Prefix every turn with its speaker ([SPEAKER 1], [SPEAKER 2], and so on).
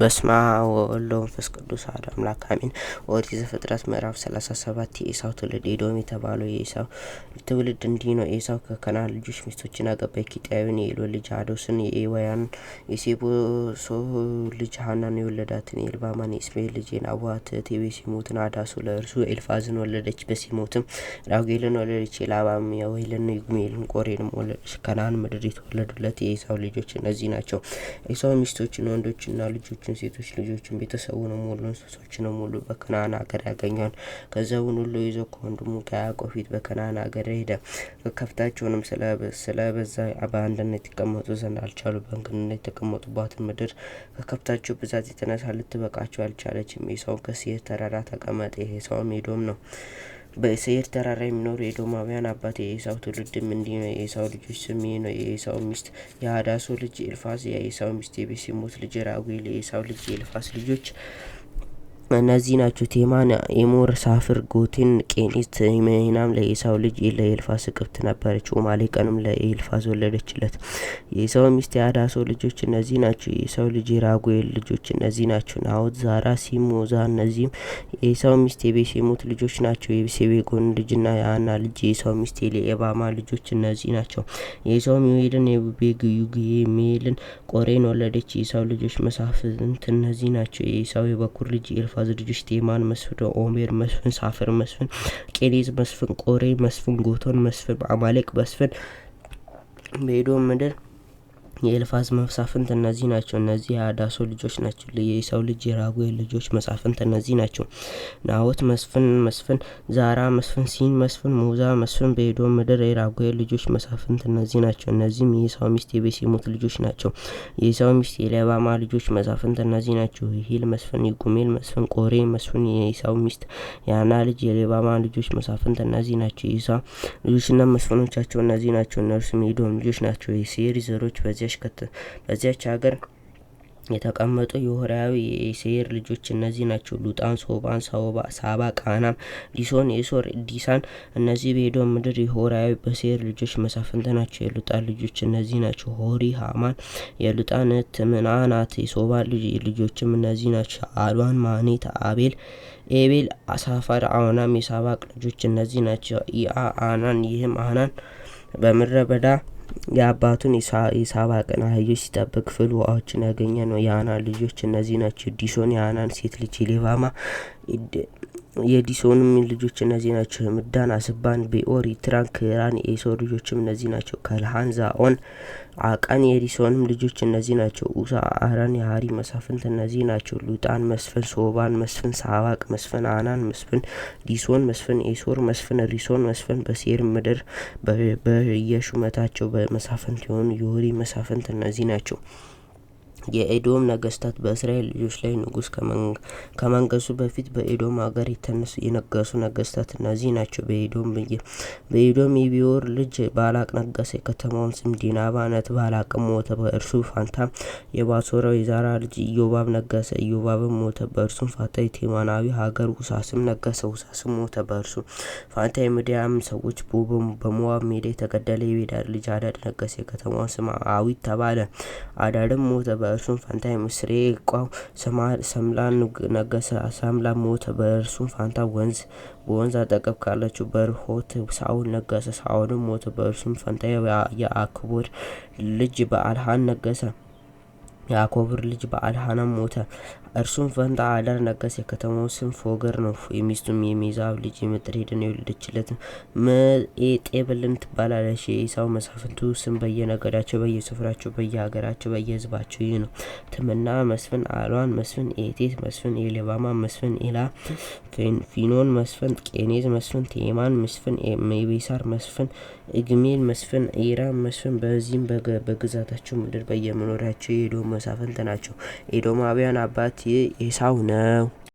[SPEAKER 1] በስማ ወወሎ መንፈስ ቅዱስ አሐዱ አምላክ አሜን። ኦሪት ዘፍጥረት ምዕራፍ ሰላሳ ሰባት የኤሳው ትውልድ ኤዶም የተባለው የኤሳው ትውልድ እንዲህ ነው። ኤሳው ከከናን ልጆች ሚስቶችን አገባ። የኬጢያዊውን የኤሎ ልጅ አዶስን፣ የኤዋያን የሴቦሶ ልጅ ሀናን የወለዳትን የኤልባማን፣ የእስማኤል ልጅ የናቡዋት የቤሲሞትን አዳሱ ለእርሱ ኤልፋዝን ወለደች። በሲሞትም ራጉኤልን ወለደች። የላባም የወይልን ጉሜልን፣ ቆሬንም ወለደች። ከናን ምድር የተወለዱለት የኤሳው ልጆች እነዚህ ናቸው። ኤሳው ሚስቶችን ወንዶችና ልጆች ወንዶችን፣ ሴቶች ልጆችን፣ ቤተሰቡንም ሁሉ እንስሶችንም ሁሉ በከናን ሀገር ያገኛል። ገንዘቡን ሁሉ ይዞ ከወንድሙ ከያዕቆብ ፊት በከናን ሀገር ሄደ። ከብታቸውንም ስለበዛ በአንድነት ይቀመጡ ዘንድ አልቻሉ። በእንግድነት የተቀመጡባትን ምድር ከከፍታቸው ብዛት የተነሳ ልትበቃቸው አልቻለችም። ኤሳው ከሴይር ተራራ ተቀመጠ። ኤሳውም ኤዶም ነው። በሴይር ተራራ የሚኖሩ የኤዶማውያን አባት የኤሳው ትውልድም እንዲህ ነው። የኤሳው ልጆች ስም ይህ ነው። የኤሳው ሚስት የአዳሶ ልጅ ኤልፋዝ፣ የኤሳው ሚስት የቤሴሞት ልጅ ራጉኤል፣ የኤሳው ልጅ የኤልፋዝ ልጆች እነዚህ ናቸው ቴማን፣ ኢሙር፣ ሳፍር፣ ጎቲን፣ ቄኒት። ሜናም ለኤሳው ልጅ ለኤልፋስ ቅብት ነበረች። ኡማሌቀንም ለኤልፋስ ወለደችለት። የኤሳው ሚስት የአዳሶ ልጆች እነዚህ ናቸው። የኤሳው ልጅ የራጉኤል ልጆች እነዚህ ናቸው፣ ናዖት፣ ዛራ፣ ሲሞዛ። እነዚህም የኤሳው ሚስት የቤሴሞት ልጆች ናቸው። የሴቤጎን ልጅና የአና ልጅ የኤሳው ሚስት የኤባማ ልጆች እነዚህ ናቸው። የኤሳው ሚዌልን፣ የቤግዩግሜልን፣ ቆሬን ወለደች። የኤሳው ልጆች መሳፍንት እነዚህ ናቸው። የኤሳው የበኩር ልጅ የኤልፋዝ ልጆች ቴማን መስፍን፣ ኦሜር መስፍን፣ ሳፍር መስፍን፣ ቄሌዝ መስፍን፣ ቆሬ መስፍን፣ ጎቶን መስፍን፣ አማሌቅ መስፍን፣ ሜዶ ምድር የኤልፋዝ መሳፍንት እነዚህ ናቸው። እነዚህ የአዳሶ ልጆች ናቸው። የሰው ልጅ የራጉኤል ልጆች መሳፍንት እነዚህ ናቸው። ናወት መስፍን፣ መስፍን ዛራ፣ መስፍን ሲን፣ መስፍን ሙዛ፣ መስፍን በሄዶ ምድር የራጉኤል ልጆች መሳፍንት እነዚህ ናቸው። እነዚህም የሰው ሚስት የቤሴሞት ልጆች ናቸው። የሰው ሚስት የለባማ ልጆች መሳፍንት እነዚህ ናቸው። ይሂል፣ መስፍን ይጉሜል፣ መስፍን ቆሬ፣ መስፍን የሰው ሚስት የአና ልጅ የሌባማ ልጆች መሳፍንት እነዚህ ናቸው። የኢሳ ልጆችና መስፍኖቻቸው እነዚህ ናቸው። እነርሱም የኤዶም ልጆች ናቸው። የሴሪ ዘሮች በዚያ አሽከተ በዚያች ሀገር የተቀመጡ የሆራዊ የሴር ልጆች እነዚህ ናቸው። ሉጣን፣ ሶባን፣ ሳባ፣ ቃናም፣ ዲሶን፣ ኤሶር፣ ዲሳን እነዚህ በሄዶ ምድር የሆራዊ በሴር ልጆች መሳፍንት ናቸው። የሉጣን ልጆች እነዚህ ናቸው። ሆሪ፣ ሃማን የሉጣን ትምና ናት። የሶባን ልጆችም እነዚህ ናቸው። አሏን፣ ማኔት፣ አቤል፣ ኤቤል፣ አሳፋር፣ አውናም የሳባቅ ልጆች እነዚህ ናቸው። ኢአ አናን ይህም አናን በምድረ በዳ የአባቱን የሳባቅን አህዮች ሲጠብቅ ፍል ውኃዎችን ያገኘ ነው። የአናን ልጆች እነዚህ ናቸው፦ ዲሶን፣ የአናን ሴት ልጅ ኤሊፋማ፣ የዲሶንም ልጆች እነዚህ ናቸው። ምዳን፣ አስባን፣ ቤኦሪ፣ ትራንክ፣ ራን የኤሶር ልጆችም እነዚህ ናቸው። ከልሃን፣ ዛኦን፣ አቃን የዲሶንም ልጆች እነዚህ ናቸው። ኡሳ፣ አህራን የሀሪ መሳፍንት እነዚህ ናቸው። ሉጣን፣ መስፍን፣ ሶባን፣ መስፍን፣ ሳባቅ፣ መስፍን፣ አናን፣ መስፍን፣ ዲሶን፣ መስፍን፣ ኤሶር፣ መስፍን፣ ሪሶን፣ መስፍን በሴር ምድር በየሹመታቸው በመሳፍንት የሆኑ የሆሪ መሳፍንት እነዚህ ናቸው። የኤዶም ነገስታት በእስራኤል ልጆች ላይ ንጉስ ከመንገሱ በፊት በኤዶም ሀገር የነገሱ ነገስታት እነዚህ ናቸው። በኤዶም በኤዶም የቢዮር ልጅ ባላቅ ነገሰ። የከተማውን ስም ዲናባ ነት። ባላቅ ሞተ፣ በእርሱ ፋንታ የባሶራው የዛራ ልጅ ኢዮባብ ነገሰ። ኢዮባብም ሞተ፣ በእርሱም ፋንታ የቴማናዊ ሀገር ውሳስም ነገሰ። ውሳስም ሞተ፣ በእርሱ ፋንታ የሚዲያም ሰዎች በሞዋብ ሜዳ የተገደለ የቤዳድ ልጅ አዳድ ነገሰ። የከተማውን ስም አዊት ተባለ። አዳድም ሞተ በእርሱም ፋንታ የምስሬ ቋው ሰምላ ነገሰ። ሰምላ ሞተ። በእርሱም ፋንታ ወንዝ በወንዝ አጠገብ ካለችው በርሆት ሳኦል ነገሰ። ሳኦልም ሞተ። በእርሱም ፋንታ የአክቦር ልጅ በአልሃን ነገሰ። የአኮብር ልጅ በአልሐናም ሞተ። እርሱም ፈንታ አዳር ነገስ። የከተማው ስም ፎገር ነው። የሚስቱም የሚዛብ ልጅ የምጥርሄድን የወለደችለት ጤብልን ትባላለች። የኢሳው መሳፍንቱ ስም በየነገዳቸው፣ በየስፍራቸው፣ በየሀገራቸው፣ በየህዝባቸው ይህ ነው። ትምና መስፍን፣ አሏን መስፍን፣ ኤቴት መስፍን፣ ኤሌባማ መስፍን፣ ኤላ ፊኖን መስፍን፣ ቄኔዝ መስፍን፣ ቴማን መስፍን፣ ሜቤሳር መስፍን፣ እግሜል መስፍን፣ ኢራም መስፍን። በዚህም በግዛታቸው ምድር በየመኖሪያቸው የሄደው መሳፍንት ናቸው። ኤዶማውያን አባት ኤሳው ነው።